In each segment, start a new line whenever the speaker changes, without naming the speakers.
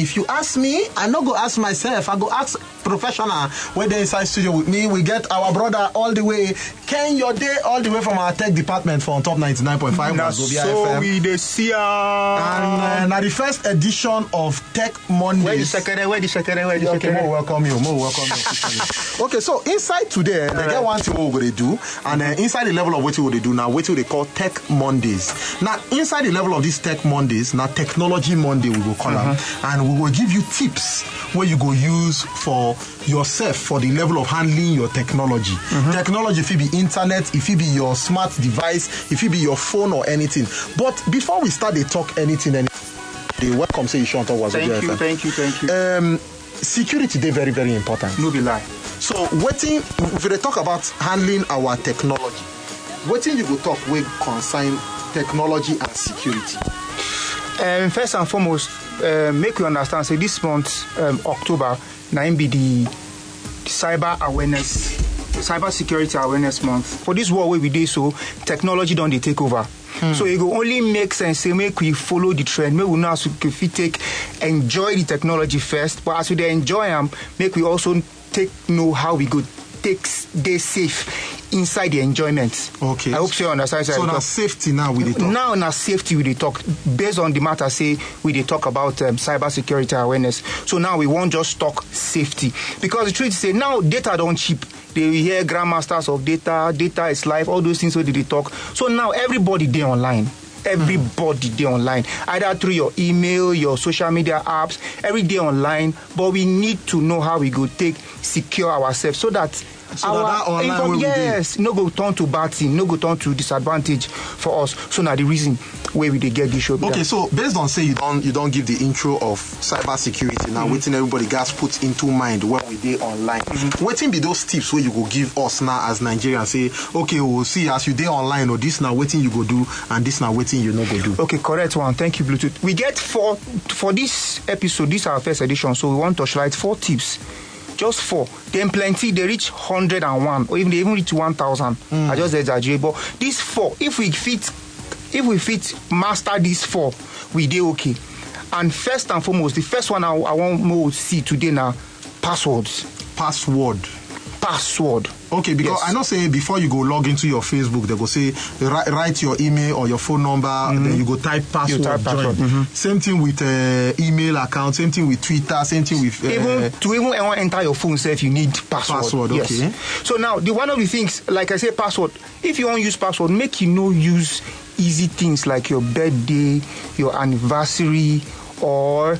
If you ask me, I no go ask myself. I go ask professional wey dey inside studio with me. We get our brother all the way, Ken your day all the way from our tech department for on top 99.5 so FM. we see And uh, the first edition of Tech Mondays. Where the second? Where the second? Where the second? Okay, more welcome you. More welcome you. okay, so inside today, all they right. get one thing What go they do, and uh, inside the level of what we they do now, what do they call Tech Mondays. Now inside the level of this Tech Mondays, now Technology Monday we will call them. uh-huh. Mm-hmm. and we will give you tips where you go use for yourself for the level of handling your technology. Mm-hmm. Technology, if it be internet, if it be your smart device, if it be your phone or anything. But before we start, they talk anything, any, they welcome say you talk. was Thank you, thank you, thank you. Um, security, they very, very important. No be lie. So, waiting, if they talk about handling our technology, waiting you go talk with concern
technology and security. Um, first and foremost, uh, make we understand say this month um, october na im be the cyber awareness cyber security awareness month for this world wey we dey so technology don dey take over. Hmm. so e go only make sense say make we follow the trend make we know as we fit take enjoy the technology first but as we dey enjoy am make we also take know how we go Take dey safe inside the enjoyment okay i hope say you understand so na safety now we dey talk now na safety we dey talk based on the matter say we dey talk about um, cyber security awareness so now we wan just talk safety because the truth is say now data don cheap dey hear grandmasters of data data is life all those things wey dey dey talk so now everybody dey online everybody day online either through your email your social media apps every day online but we need to know how we go take secure ourselves so that so our that, that online income, yes no go turn to bad thing no go turn to disadvantage for us so na the reason wey we dey get this show okay so based on say you don you don give the intro of cyber
security na mm -hmm. wetin everybody gats put into mind when we dey online mm -hmm. wetin be those tips wey you go give us now as nigerians say okay o oh, see as you dey online o oh, this na wetin you go do
and this na wetin you no go do. okay correct one thank you bluetooth we get four for this episode this our first edition so we wan torchlight four tips just four Then plenty They reach hundred and one or even they even reach one thousand hmm. i just exaggerate but these four if we fit if we fit master these four we dey okay and first and foremost the first one i, I wan see today na passwords. password password.
Okay, because yes. I know say before you go log into your Facebook, they go say write your email or your phone number, mm-hmm. then you go type password. type password. Mm-hmm. Same thing with uh, email account, same
thing with Twitter, same thing with. Uh, even to even enter your phone, Say if you need password. Password, okay. Yes. So now, the one of the things, like I say, password. If you want use password, make you no use easy things like your birthday, your anniversary, or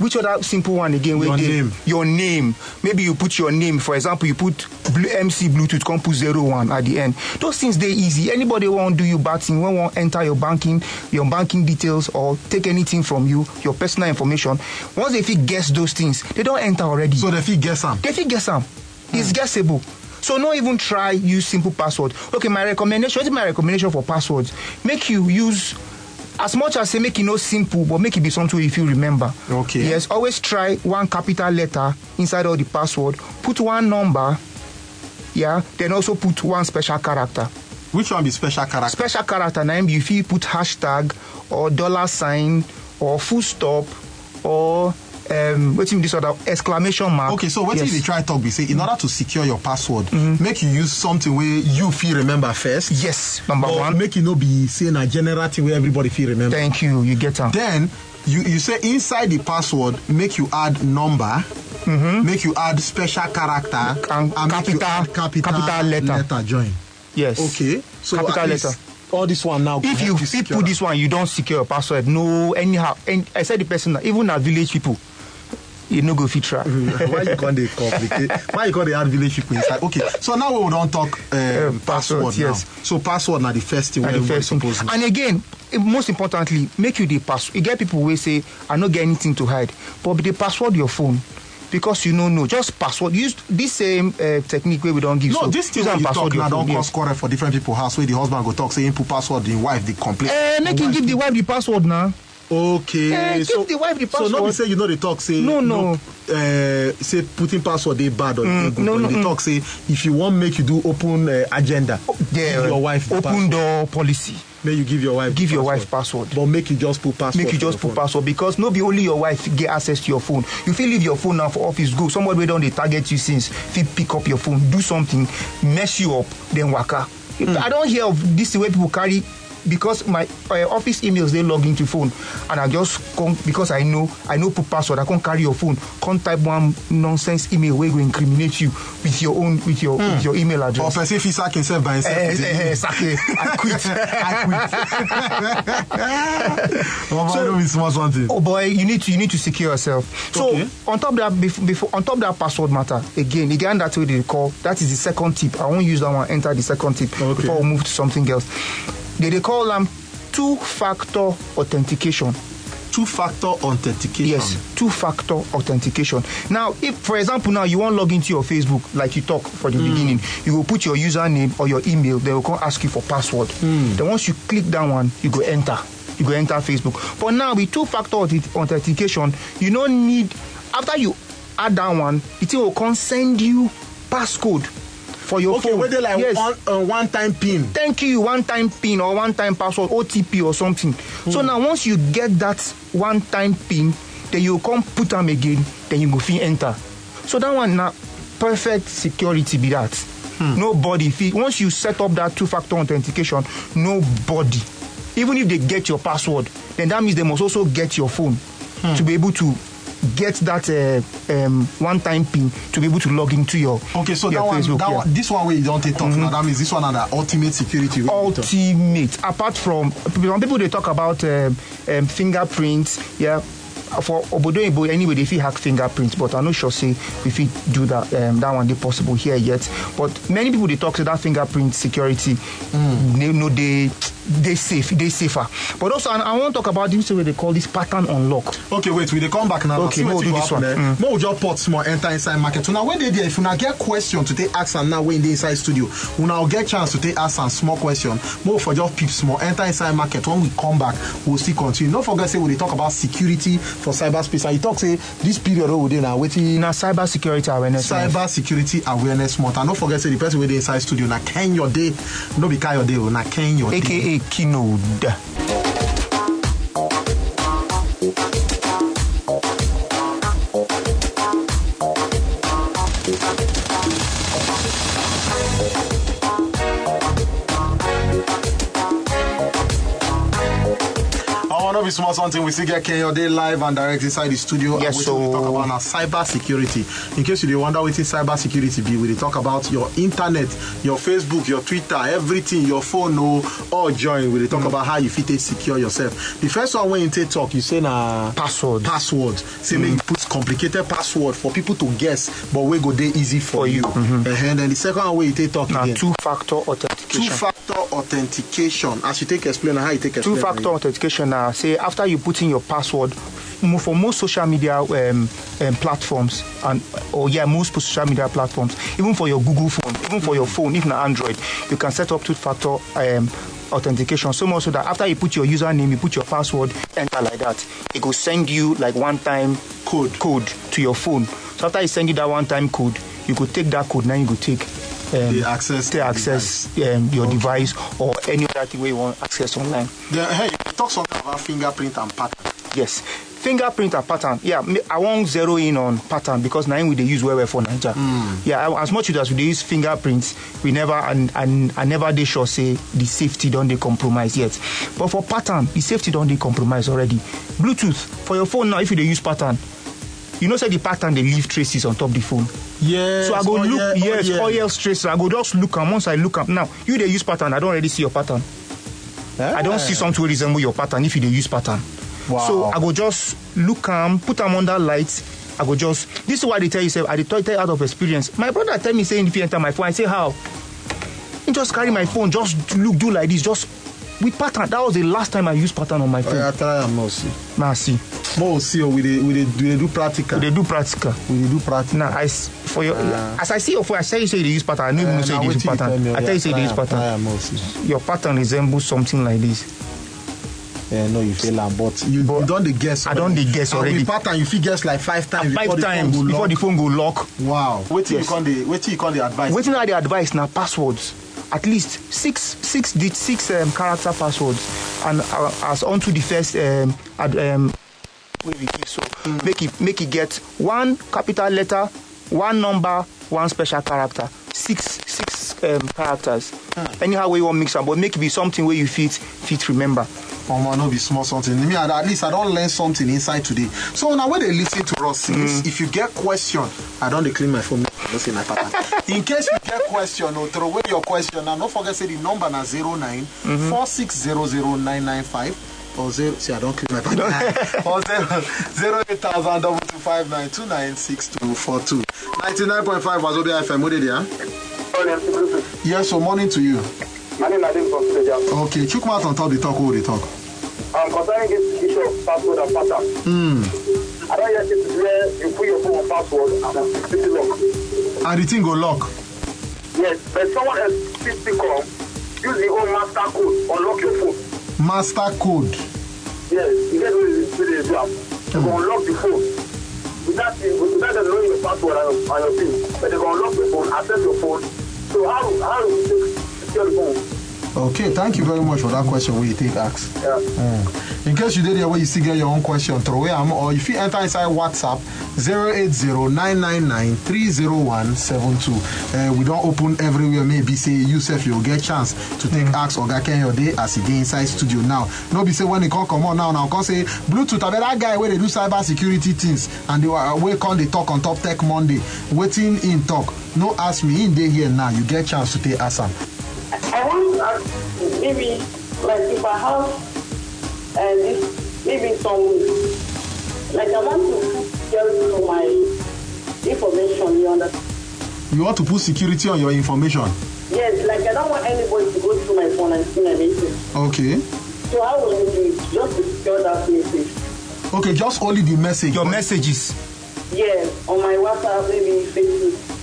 which other simple one again wey dey your name maybe you put your name for example you put Blue mc bluetooth come put zero one at the end those things dey easy anybody wey wan do you bad thing wey wan enter your banking your banking details or take anything from you your personal information once they fit guess those things they don enter already. so they fit guess am. they fit guess am mm. it's guessable so no even try use simple password okay my recommendation wetin my recommendation for passwords make you use as much as say make e no simple but make e be something wey you fit remember. okay yes always try one capital letter inside all the password put one number yeah then also put one special character. which one be special character. special character na im you fit put hashtag or dollar sign or full stop or um, wetin be this other exclamation mark. okay so wetin yes. you dey try talk be say in mm.
order to secure your password. Mm-hmm. make you use something wey you fit remember first. yes number or one. or make e no be say na general thing wey everybody fit remember. thank you you get am. then you you say inside the password make you add number. Mm-hmm. make you add special character. and, and capital, make you add capital capital letter. letter join. yes okay so capital letter. Least,
all this one now. If you, you put this one, you don't secure your password. No, anyhow. And I said the person, even our village people, You no go fit try. Mm. why you con dey complicate why you con dey add village people inside okay so now we don talk eh, um, password, password yes. now so password na the first thing wey everybody suppose know. and again most importantly make you dey pass you e get people wey say i no get anything to hide but dey password your phone because you no know just password use this same uh, technique wey we don give no, so this thing wey you talk na don cause
quarrel for different people house wey the husband go talk say him put password the wife dey complain. Uh, eh, make him give
the wife the password
na okay uh, so, the wife the password so no be say you no dey talk say no no, no uh, eh, say putting password dey bad or mm, good no, no, you dey mm. talk say if you
wan make you do open uh, agenda oh, yeah, give your wife the open password open door policy may you give your wife give your wife password but make you just put password make you just put phone. password because no be only your wife get access to your phone you fit leave your phone now for office go somebody wey don dey target you since fit pick up your phone do something mess you up then waka mm. i don hear of this thing wey people carry because my uh, office emails dey log into phone and i just come because i know i know put password i come carry your phone come type one nonsense email wey go incriminate you with your own with your mm. with hmm. your email address. or person fit sack himself by himself. Uh, uh, uh, sack it i quit i quit. mama so, no be small something. oh boy you need to you need to secure yourself. so okay. on top that before, before on top that password matter again again that way they call that is the second tip i wan use that one enter the second tip okay. before we move to something else they dey call them two-factor authentication. Two-factor authentication. Yes, two-factor authentication. Now, if for example now you want log into your Facebook like you talk for the mm. beginning, you will put your username or your email. They will come ask you for password. Mm. Then once you click that one, you go enter. You go enter Facebook. For now, with two-factor authentication, you don't need after you add that one, it will come send you passcode for your okay, phone. Okay, whether like yes. one, uh, one time pin. Thank you, one time pin or one time password, OTP or something. Mm. So hmm. now once you get that one time pin, then you come put am again, then you go fit enter. So that one na perfect security be that. Hmm. Nobody fit once you set up that two factor authentication, nobody even if they get your password, then that means they must also get your phone hmm. to be able to get that uh, um, one-time pin to be able to log into your okay. So your that Facebook, one, that yeah. one, this one where you don't take talk mm-hmm. now. That means this one are the ultimate security. Ultimate. Apart from some people, they talk about um, um, fingerprints. Yeah. For Obodo anyway, they fit hack fingerprints, but I'm not sure say if we do that um, that one they possible here yet. But many people they talk to that fingerprint security, mm. no, no they they safe, they safer. But also, and I want to talk about this way they call this pattern unlock. Okay, wait, we they come back now. Okay, we'll do this one. Eh?
Mm. More your pots more enter inside market. So now when they there, if you now get question to take ask and now when they inside studio, we now get chance to take ask and small question. More for just peeps more enter inside market. When we come back, we'll still continue. Don't forget say when they talk about security for cyberspace, and you talk say this period we dey now waiting. Now cyber security awareness. Cyber security awareness month, and don't forget say the person we dey inside studio now Ken your day, no be Ken your day, now Ken your AKA. day. AKA Kinode. Bobby Suma something. We still get Kenya Day live and direct inside the studio. Yes, so we talk about our cyber security. In case you wonder what is cyber security be, we talk about your internet, your Facebook, your Twitter, everything, your phone, no, oh, all join. We talk mm. about how you fit secure yourself. The first one when you take talk, you say na password. Password. Say mm. make put complicated password for people to guess, but we go they easy for, for you. you. Mm-hmm. Uh-huh. And then the second way when
you take talk, now two factor authentication. authentication.
Two-factor authentication. As you take explain, how you take explain. Two-factor
authentication. Uh, say after you put in your password, for most social media um, um, platforms and or yeah most social media platforms even for your google phone even for your mm. phone if not android you can set up two-factor um, authentication so much so that after you put your username you put your password enter like that it will send you like one time code code to your phone so after it send you that one time code you could take that code now you could take um, the access, the access device. Um, your okay. device or any other thing where you want access online. The, hey, talk something about fingerprint and pattern. Yes. Fingerprint and pattern, yeah, I won't zero in on pattern because now we they use where we're for Niger. Mm. Yeah, as much as we use fingerprints, we never and and I never they sure say the safety don't they compromise yet. But for pattern, the safety don't they compromise already. Bluetooth for your phone now, if you they use pattern, you know say the pattern they leave traces on top the phone yes so i go oh, look oil, oh, yes oil. oil tracer i go just look am once i look am now you dey use pattern i don already see your pattern ah. i don see something wey resemble your pattern if you dey use pattern wow so i go just look am put am under light i go just this is why i dey tell you sef i dey tell you out of experience my brother tell me say if you enter my phone i say how he just carry my phone just look do like this just with pattern that was the last time i use pattern on my phone. oya try am now see. na see more we see we dey we dey do, do practical. we dey do practical. we dey do practical. na i for your uh, as i see your for i tell you say you dey use pattern i no even know say you dey use pattern i tell you say you dey use pattern your pattern resemble something like this.
Yeah, no, you fail am but you, but you don dey guess. i don dey guess already and with pattern you fit guess like five
times. five times the before the phone go lock. wow wetin yes. you con dey wetin you con dey advise. wetin i dey advise na passwords at least six six six um, character passwords and uh, as unto the first um, ad, um, wey we give so make e make e get one capital letter one number one special character six six um, characters hmm. anyhow wey you wan mix am but make e be something wey you fit fit remember
omo no be small something me at least i don learn something inside today so una wey dey lis ten to us hmm. since if you get question i don dey clean my phone make i no say na pattern in case you get question or oh, throw away your question and no forget say the number na zero nine mm-hmm. four six zero zero nine nine five or zero. See, I don't keep my partner. or zero zero eight thousand double two five nine two nine six two four two ninety nine point five Wazobia FM. What did you? Yes, so morning to you. My name is Nadim from Seja. Okay, chook mouth on top the talk. Who the talk? I'm concerning this issue of password and pattern. Hmm. I don't yet see where you put your phone password and it's lock. And the thing go lock. Yes, but someone else physically come use the old master code unlock your phone master code. Yes,
you get what the is to do. They can hmm. unlock the phone.
Without, without them knowing your password and your, and your PIN, but they can unlock the phone, access your phone. So how, how do you take, secure the phone? Okay, thank you very much for that question We take ask. Yeah. Mm. In case you did hear where you still get your own question, throw it. or if you enter inside WhatsApp 080 uh, eh, We don't open everywhere. Maybe say yourself you'll get chance to take mm. ask or get your day as you get inside studio now. No be say when they can't come on now now can say Bluetooth I mean that guy where they do cyber security things and they uh, wake on they talk on top tech Monday. Waiting in talk. No ask me in day here now. You get chance to take ask awesome. I want to ask maybe, like, if I have uh, this, maybe some, like, I want to security on my information, you understand? You want to put security on your information? Yes, like, I don't want anybody to go through my phone and see my message. Okay. So how will you do it? Just to secure that message. Okay, just only the message. Your messages? Yes, on my WhatsApp, maybe Facebook.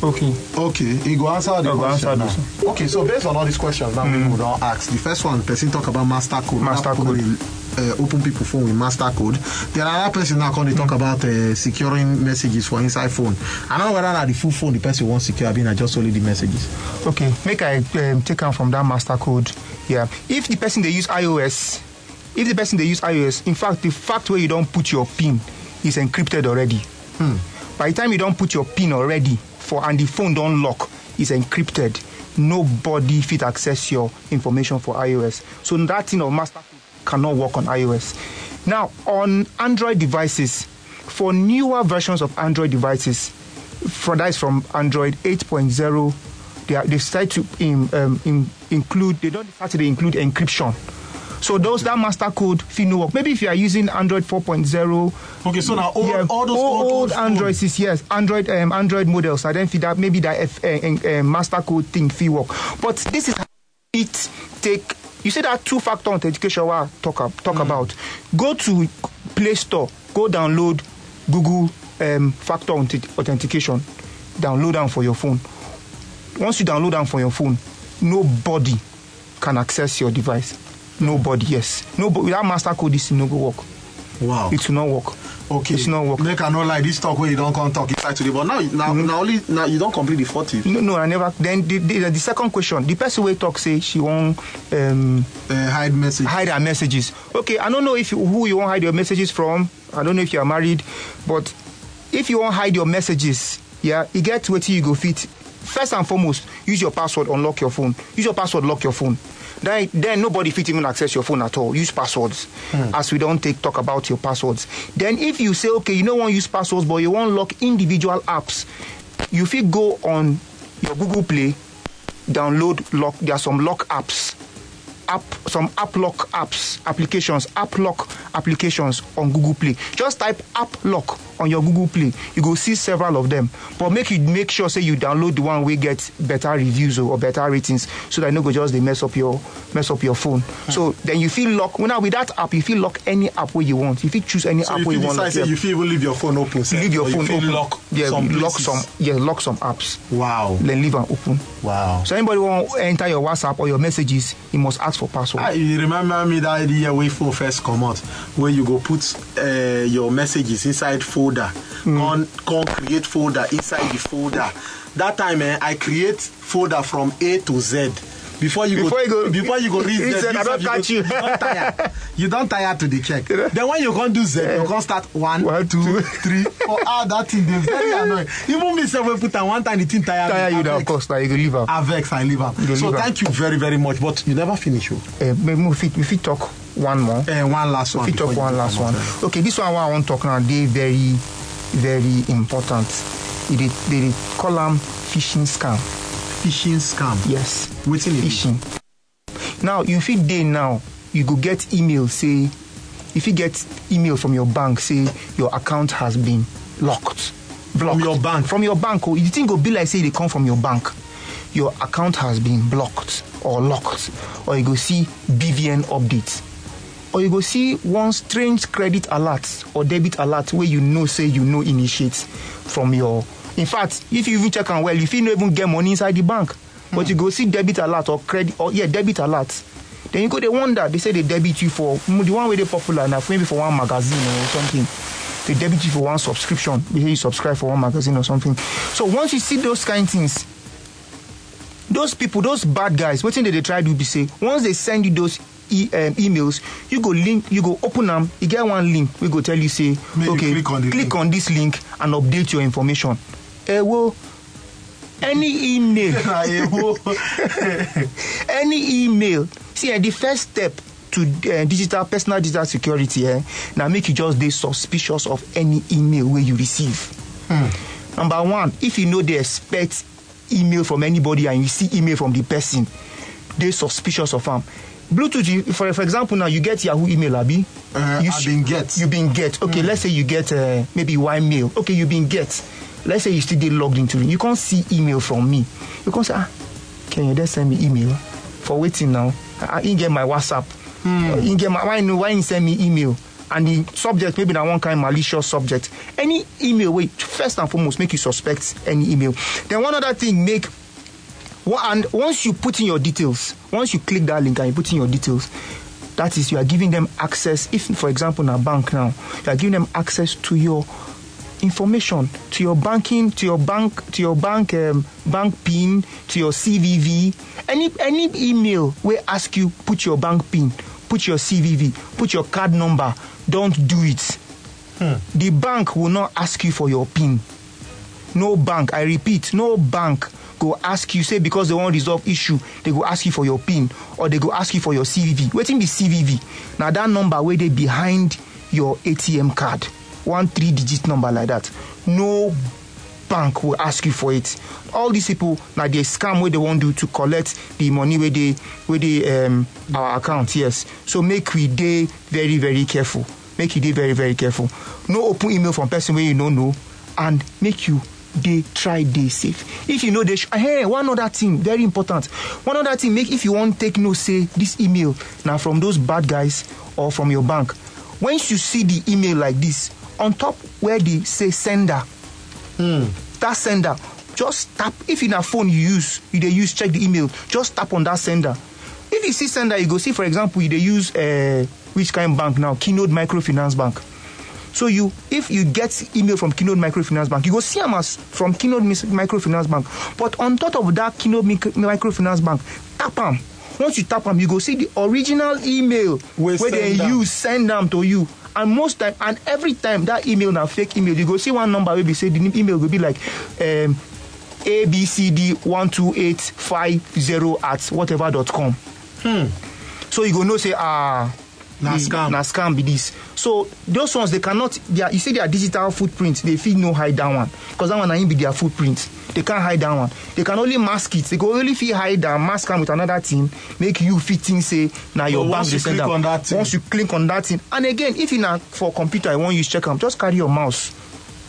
Okay. Okay, he go answer the question. Answer now. Okay, so based on all these questions that mm. we will ask. The first one, person talk about master code. Master code. In, uh, open people phone with master code. There are other person now come they talk mm. about uh, securing messages for inside phone. I know whether na the full phone the person wants secure, I mean, just only the messages.
Okay, make I um, take am from that master code. Yeah, if the person they use iOS, if the person they use iOS, in fact, the fact where you don't put your PIN is encrypted already. Hmm by the time you don put your pin already for and the phone don lock it's encrypted nobody fit access your information for ios so that thing of master code cannot work on ios now on android devices for newer versions of android devices for that is from android 8.0 they, they start to in, um, um, in, include they don't start to include encryption So those that master code fee no work. Maybe if you are using Android 4.0. Okay, so now all, yeah, all those old, old Android is yes, Android um, Android models. I then feel that maybe that F, uh, uh, master code thing fee work. But this is it take. You say that two factor authentication. What talk up, talk mm. about? Go to Play Store. Go download Google um, factor authentication. Download them for your phone. Once you download them for your phone, nobody can access your device Nobody, yes. Nobody, without master code, this thing no go work. Wow. It will not work. Okay. It will not work. Make I
not lie, this talk where you don't come talk inside today, but now, now, mm-hmm. now only now you don't complete the forty. No, no, I never. Then
the, the, the second question, the person will talk say she won't um, uh, hide messages. Hide her messages. Okay, I don't know if you, who you won't hide your messages from. I don't know if you are married, but if you won't hide your messages, yeah, you e get what you go fit. First and foremost, use your password unlock your phone. Use your password lock your phone. then, then nobody fit even access your phone at all. Use passwords, mm. as we don't take talk about your passwords. Then if you say okay, you don't want to use passwords, but you want lock individual apps, you fit go on your Google Play, download lock. There are some lock apps. App, some app lock apps applications app lock applications on google play just type app lock on your Google Play, you go see several of them. But make you make sure say you download the one we get better reviews or, or better ratings, so that no go just they mess up your mess up your phone. Hmm. So then you feel lock. Well, now with that app, you feel lock any app where you want. If you choose any so app where you want. Like, yeah. you feel
even leave your phone open. Leave your or phone you open. Lock yeah, some lock some
yeah lock some apps. Wow. Then leave and open. Wow. So anybody want enter your WhatsApp or your messages, you must ask for password. Ah,
you remember me that idea way for first come out, where you go put uh, your messages inside phone folder mm. con con create folder inside the folder that time eh, i create folder from a to z before you before go, you go before you go read z said, i catch you you don tire you don tire to dey check then when you come do z you come start one, one two, two three four ah that thing dey very annoying even me sef wey put am one time the thing tire me you na of course na you go leave am avex i leave am so leave thank you very very much but you never finish o. Uh, we fit we fit talk
one more. and eh, one last one. If you talk one last one. Out. Okay, this one I want to talk now. They very, very important. They, they, they call them phishing scam. Phishing scam. Yes. Waiting e phishing. Now you fit day now you go get email say if you get email from your bank say your account has been locked. Blocked. From your bank. From your bank. Oh, you think go be like say they e come from your bank. Your account has been blocked or locked, or you go see BVN updates or you go see one strange credit alert or debit alert wey you know say you no initiate from your in fact if you even check am well you fit no even get money inside the bank but hmm. you go see debit alert or credit or yeah debit alert then you go dey wonder they say they debit you for mm, the one wey dey popular na maybe for one magazine or something they debit you for one subscription they say you subscribe for one magazine or something so once you see those kind things those people those bad guys wetin they dey try do be say once they send you those e um, emails you go link you go open am e get one link wey go tell you say Make okay you click, on, click on this link and update your information ewo any email any email see eh the first step to uh, digital personal digital security eh na make you just dey suspicious of any email wey you receive. Hmm. number one if you no dey expect email from anybody and you see email from the person dey suspicious of am Bluetooth, for for example, now you get Yahoo email, Abi. Uh, you been get. You been get. Okay, mm. let's say you get uh, maybe Y mail. Okay, you been get. Let's say you still get logged into it. You can't see email from me. You can't say, ah, can you just send me email? For waiting now, I, I get my WhatsApp. Mm. get my why no why you send me email? And the subject maybe that one kind malicious subject. Any email, wait first and foremost make you suspect any email. Then one other thing make and once you put in your details, once you click that link and you put in your details, that is, you are giving them access. If, for example, in a bank now, you are giving them access to your information, to your banking, to your bank, to your bank, um, bank PIN, to your CVV. Any any email will ask you put your bank PIN, put your CVV, put your card number. Don't do it. Hmm. The bank will not ask you for your PIN. No bank, I repeat, no bank go ask you say because they wan resolve issue they go ask you for your pin or they go ask you for your cvv wetin be cvv na that number wey dey behind your atm card one three digit number like that no bank will ask you for it all these people na the scam wey they wan do to collect the money wey dey wey dey um, our account yes so make we dey very very careful make you dey very very careful no open email from person wey you no know and make you dey try dey safe if you know dey hey, one other thing very important one other thing make if you wan take note say this email na from those bad guys or from your bank once you see the email like this on top where the say sender mm. that sender just tap if na phone you use you dey use check the email just tap on that sender if you see sender you go see for example you dey use uh, which kind bank now keynote microfinance bank So you, if you get email from Kinode Microfinance Bank, you go see them as from Kinode Microfinance Bank. But on top of that Kinode Microfinance Bank, tap them. Once you tap them, you go see the original email we where they use send them to you. And most time, and every time that email now fake email, you go see one number will be say the email will be like um, abcd zero at whatever dot com. Hmm. So you go know say ah. Uh, na mm. scam na scam be this so those ones they cannot they are, you see their digital footprint they fit no hide that one because that one na him be their footprint they can't hide that one they can only mask it they go only fit hide am mask am with another thing make you fit think say na your but bank dey send am on once you click on that thing and again if you na for computer you wan use check am just carry your mouse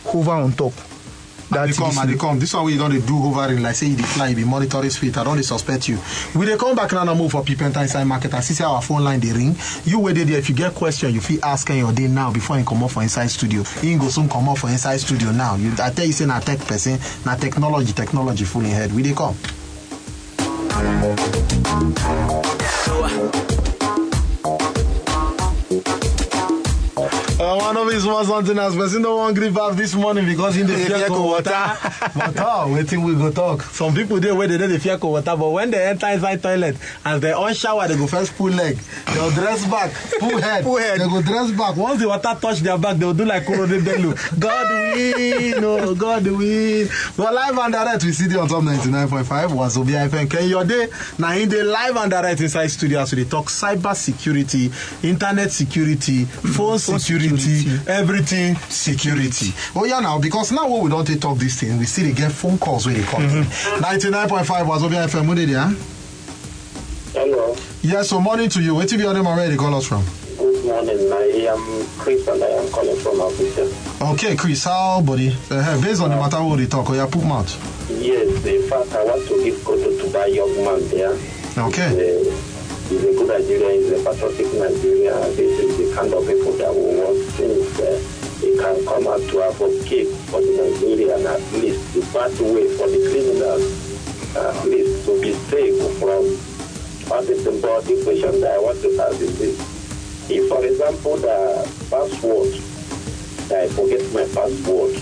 hover on top that they come and they come this one we don't do hovering like say you dey fly be monitor his
feet i don't suspect you we they come back now now move for people inside market and see how our phone line they ring you wait there if you get question you feel asking your day now before you come off for inside studio Ingo go soon off for inside studio now you, i tell you say na tech person na technology technology full head we they come. Uh, one of his most something else. Person don't want grief bath this morning because in the fear fiaco water. but oh, think we go talk. Some people there where they the fiaco water, but when they enter inside toilet, and they on shower, they go first pull leg, they'll dress back, pull head, pull head. they go dress back. Once the water touch their back, they'll do like Korode God win, oh God win. But live and direct, we see the on top 99.5 was Obi FM. Can your day? Now in the live and direct inside studio, so they talk cyber security, internet security, phone security security, security. everything security. Oh yeah, now because now when we don't talk this thing, we still get phone calls when they come. Mm-hmm. Ninety nine point five was over FM. Who did yeah? Hello. Yes, so morning to you. Where to be on them already? Call us from. Good morning. I am Chris and I am calling from Abuja. Okay, Chris, how buddy? Uh, based on the matter we talk, or oh, you put them out? Yes, in fact, I want to give credit to buy young man there. Okay. He's a, he's a good Nigerian. He's a patriotic Nigerian. kind of people that will want things that They can come out to advocate for the Nigerian at least the way for the criminals at least to be saved from all this important question that I want to ask is this.
If, for example, the password, I forget my password,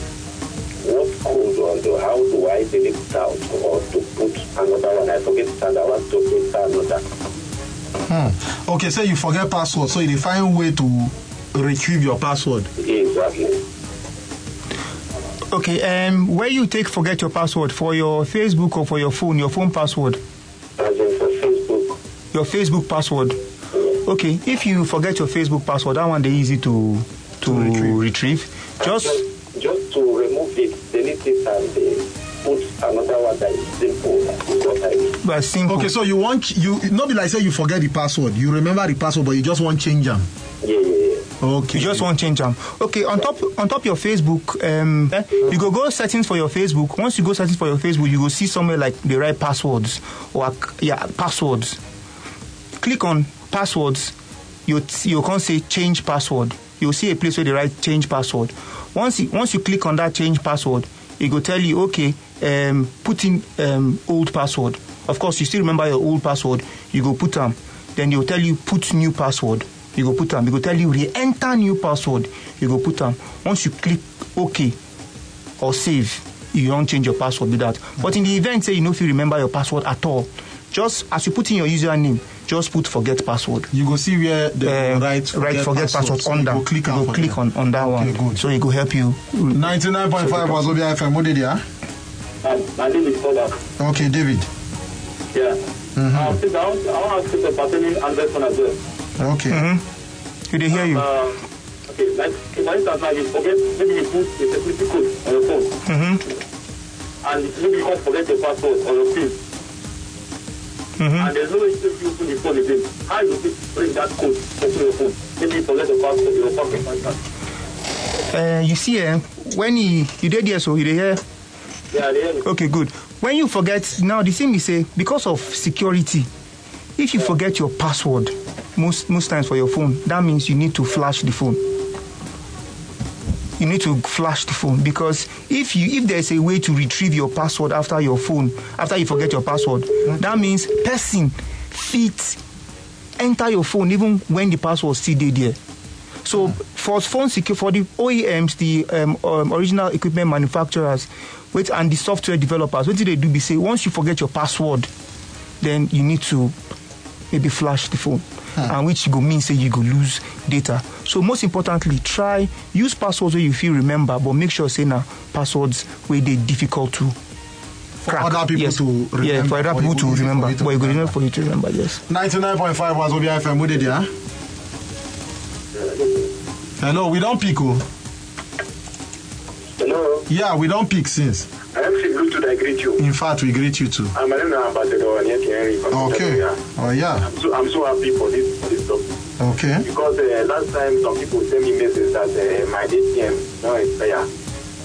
what could or how do I delete out or to put another one? I forget and I want to put another.
Hmm. Okay, so you forget password, so you find way to retrieve your password.
Exactly. Okay, um, where you take forget your password for your Facebook or for your phone, your phone password? As in for Facebook. Your Facebook password. Yeah. Okay, if you forget your Facebook password, that one they easy to to, to retrieve. retrieve. Just, just just to remove it, delete it, and uh, put another one that is simple
simple. Okay, so you want you not be like say you forget the password. You remember the password, but you just want change
them. Yeah, yeah, yeah. Okay. You just want change them. Okay. On top on top your Facebook, um, you go go settings for your Facebook. Once you go settings for your Facebook, you go see somewhere like the right passwords or yeah passwords. Click on passwords. You you can say change password. You'll see a place where they write change password. Once you, once you click on that change password, it will tell you okay um, put in um, old password of course you still remember your old password you go put them. then they will tell you put new password you go put them. they will tell you re-enter new password you go put them. once you click ok or save you don't change your password be that but in the event say you no fit remember your password at all just as you put in your username just put forget password. you go see where the uh, right forget, right, forget password, password under you go click, you go click on, on that okay, one good. so it go help you. ninety-nine point five was obi
fm What did there. Ah?
my name is Paula.
Okay, David. Yeah. Mm-hmm. Uh, please, I want, I want to ask you pertaining Android phone as well. Okay. Mm-hmm. Did they hear um, you? Uh, okay, like, if I like you forget, maybe you put a security code on your phone. Mm-hmm. And maybe you can't
forget your password on your phone. Mm-hmm. And there's no way to open the phone again. How do you bring that code to your phone? Maybe you forget the password, your phone, like that. Uh, you see, eh, when he, you did yes, so he did hear. Okay, good. When you forget, now the thing is, say, eh, because of security, if you forget your password, most most times for your phone, that means you need to flash the phone. You need to flash the phone because if you if there's a way to retrieve your password after your phone, after you forget your password, that means person feet, enter your phone even when the password still there. So for phone secure for the OEMs, the um, um, original equipment manufacturers, wait and the software developers. What do they do? They say once you forget your password, then you need to maybe flash the phone. Hmm. And which go mean say you go lose data. So most importantly, try use passwords where you feel remember, but make sure say now passwords where they difficult to
for crack. other people yes. to remember. Yeah, for other people to remember. But you go remember for you to remember, yes. 99.5 was OBI FM. What did you, huh? Hello, we don pick o. Hello. Yeah, we don't pick since. I am Steve to I greet you. In fact, we greet you too. And my name is Ambassador Onyeke Henry. Okay. Oh, yeah. I'm so, I'm so happy for this, this topic. Okay. Because uh, last time some people sent me messages that uh, my ATM now expire.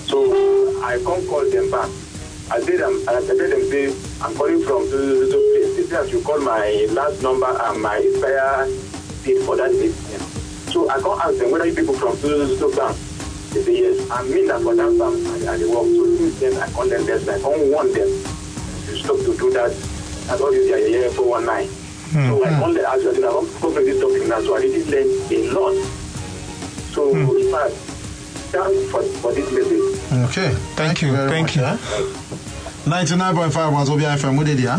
So I can't call them back. I said, I'm, um, I said them, say, I'm calling from this place. They said, you call my last number and my expire date for that date.
So I can't ask them whether you people from so bank. They say yes. I mean that for that time I, the work. So since then I call them best I don't want them to stop to do that.
I don't use the year 419. Mm-hmm. So I call them as I said, I want to cover this topic now. So I really learn a lot.
So mm-hmm. in fact, thanks for, for this message.
Okay. Thank, Thank you very Thank much. You. Huh? 99.5 was Obia FM. What did you?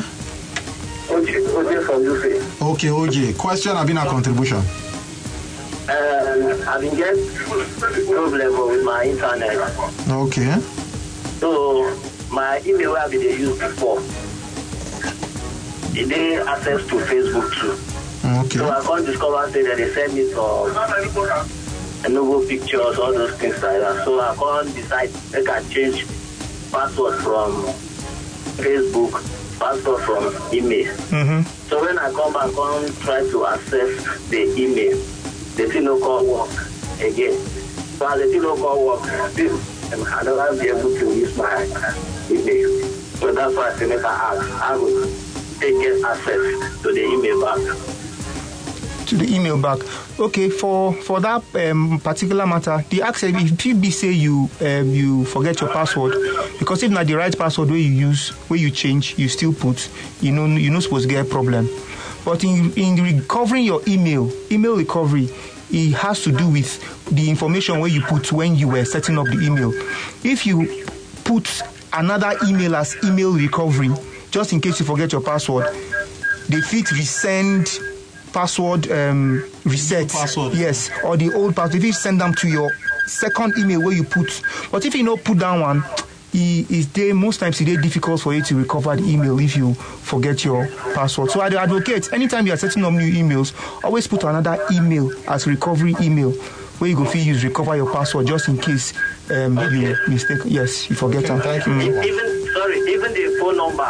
Okay, OJ from UK.
Okay, OJ. Question, I've been a contribution.
um, I've been just problem with my internet.
Okay. So my email I've been used before.
It didn't access to Facebook too. Okay. So I can't discover that they send me
some Lenovo pictures, all those things like that. So I can't decide I can change password from Facebook, password from email. Mm-hmm. So when I come back, I can't
try to access the email. no Tinoco work again. So But no Tinoco work still, I don't have be able to use my email. So that's why I make ask, I would take get access to the email back. To the email back. Okay, for for that um, particular matter, the access if you be say you um, you forget your password, because if not the right password where you use, where you change, you still put, you know you know supposed to get a problem. But in, in recovering your email, email recovery, it has to do with the information where you put when you were setting up the email. If you put another email as email recovery, just in case you forget your password, they fit resend password um, reset. Password. Yes, or the old password. They you send them to your second email where you put, but if you no put that one, e is dey most times e dey difficult for you to recover the email if you forget your password so i dey advocate anytime you are setting up new emails always put another email as recovery email where you go feel use recover your password just in case um, okay. you mistake yes you forget am. Okay, mm. You. even sorry even the phone number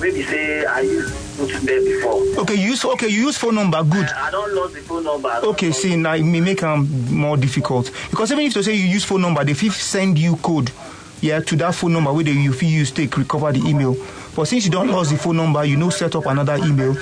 maybe say i use. Okay, you use okay, you use phone number. Good. Uh, I don't lose the phone number. Okay, see, now it may make them more difficult because even if they say you use phone number, they fifth send you code yeah, to that phone number where you fit use take recover the email. But since you don't lose the phone number, you know set up another email.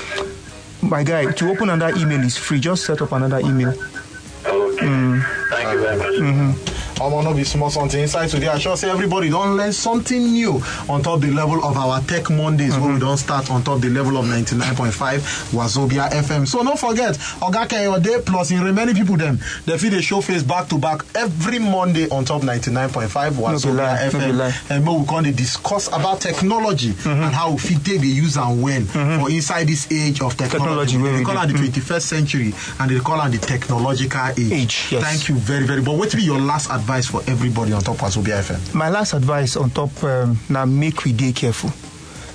My guy, to open another email is free. Just set up another email. Okay. Mm. Thank you very much. Mm-hmm. I'm gonna be Small Something Inside today. I sure say
everybody don't learn something new on top the level of our Tech Mondays mm-hmm. where we mm-hmm. don't start on top the level of 99.5 Wazobia FM. So don't forget, Ogaka your day plus in remaining people them. They feel the show face back to back every Monday on top 99.5 Wazobia FM. And we gonna discuss about technology mm-hmm. and how we fit they be use and when mm-hmm. for inside this age of technology. technology they call it the 21st mm-hmm. century and they call it the technological
age. age yes. Thank you very, very much. What will be your last advice? advice for everybody on top Wasobia FM? My last advice on top um, now make we day careful.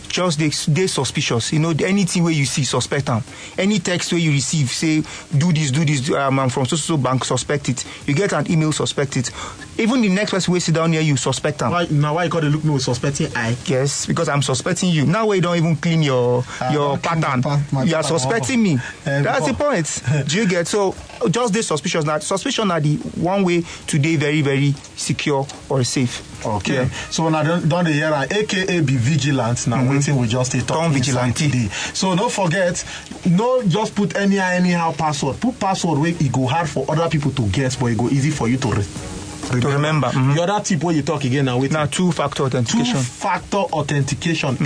just dey dey suspicious you know anything where you see suspect am any text where you receive say do this do this um, am from so so bank suspect it you get an email suspect it even the next person wey sit down near you suspect am. why na why you come dey look me with suspecting eye. yes because i'm suspecting you now wey you don even clean your uh, your pattern you are suspecting me um, that's the point do you get so just dey suspicious na suspicion na the one way to dey very very secure or safe. okay
yeah. so una don dey hear am aka be vigilant na mm -hmm. wetin we just dey talk Turn vigilante. today so no forget no just put anyhow anyhow password put password wey e go hard for other people to guess but e go easy for you to read. remember. To remember. Mm-hmm. The other tip where you talk again now with now two factor authentication. Two factor authentication, mm-hmm.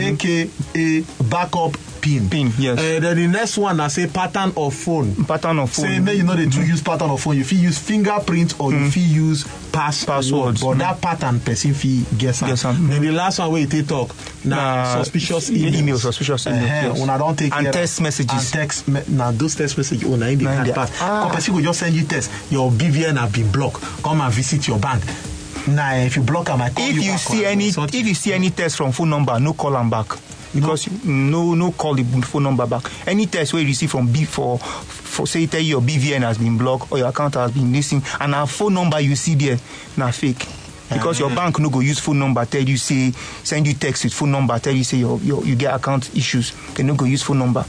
aka backup pin pin yes uh, then the next one I say pattern of phone pattern of phone say make you know they do mm-hmm. use pattern of phone you fit use fingerprint or mm. you mm-hmm. fit use pass password but mm. that pattern person fit guess am yes, mm. then the last one wey you talk now uh, suspicious emails, email suspicious email uh, yes una don take and care text messages and text me na those text messages Oh in the dey hard pass ah. person go just send
you text your BVN have been blocked come and visit your bank na if you block them i call if you, you back see any if you see any text from phone number no call them back because no no call the phone number back any text wey you receive from b for for say tell you your bvn has been blocked or your account has been missing and our phone number you see there na fake because your ah. bank no go use phone number tell you say send you text with phone number tell you say your your you get account issues dem no go use phone number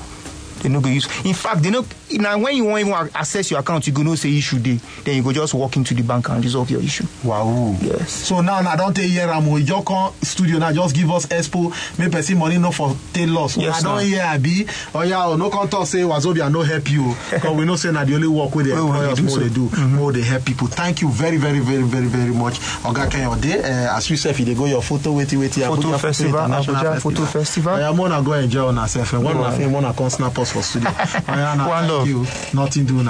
they no go use in fact they no na when you wan even access your account you go know say issue dey then you go just walk into the bank and resolve your issue. wow yes. so now na don take
hear am o you just studio now just give us expo make person money no for
take loss. yes na i don hear
abi oya o oh, no come talk say wazobia no help you because we know say na the only work wey the employers wey dey do wey mm-hmm. dey help people thank you very very very very very much oga kanyode uh, eh, as you sef you dey go your photo wetin wetin abuja photo festival abuja photo festival oya mo na go enjoy una sef when una finish mo na come snap us us for studio oya you nothing doing.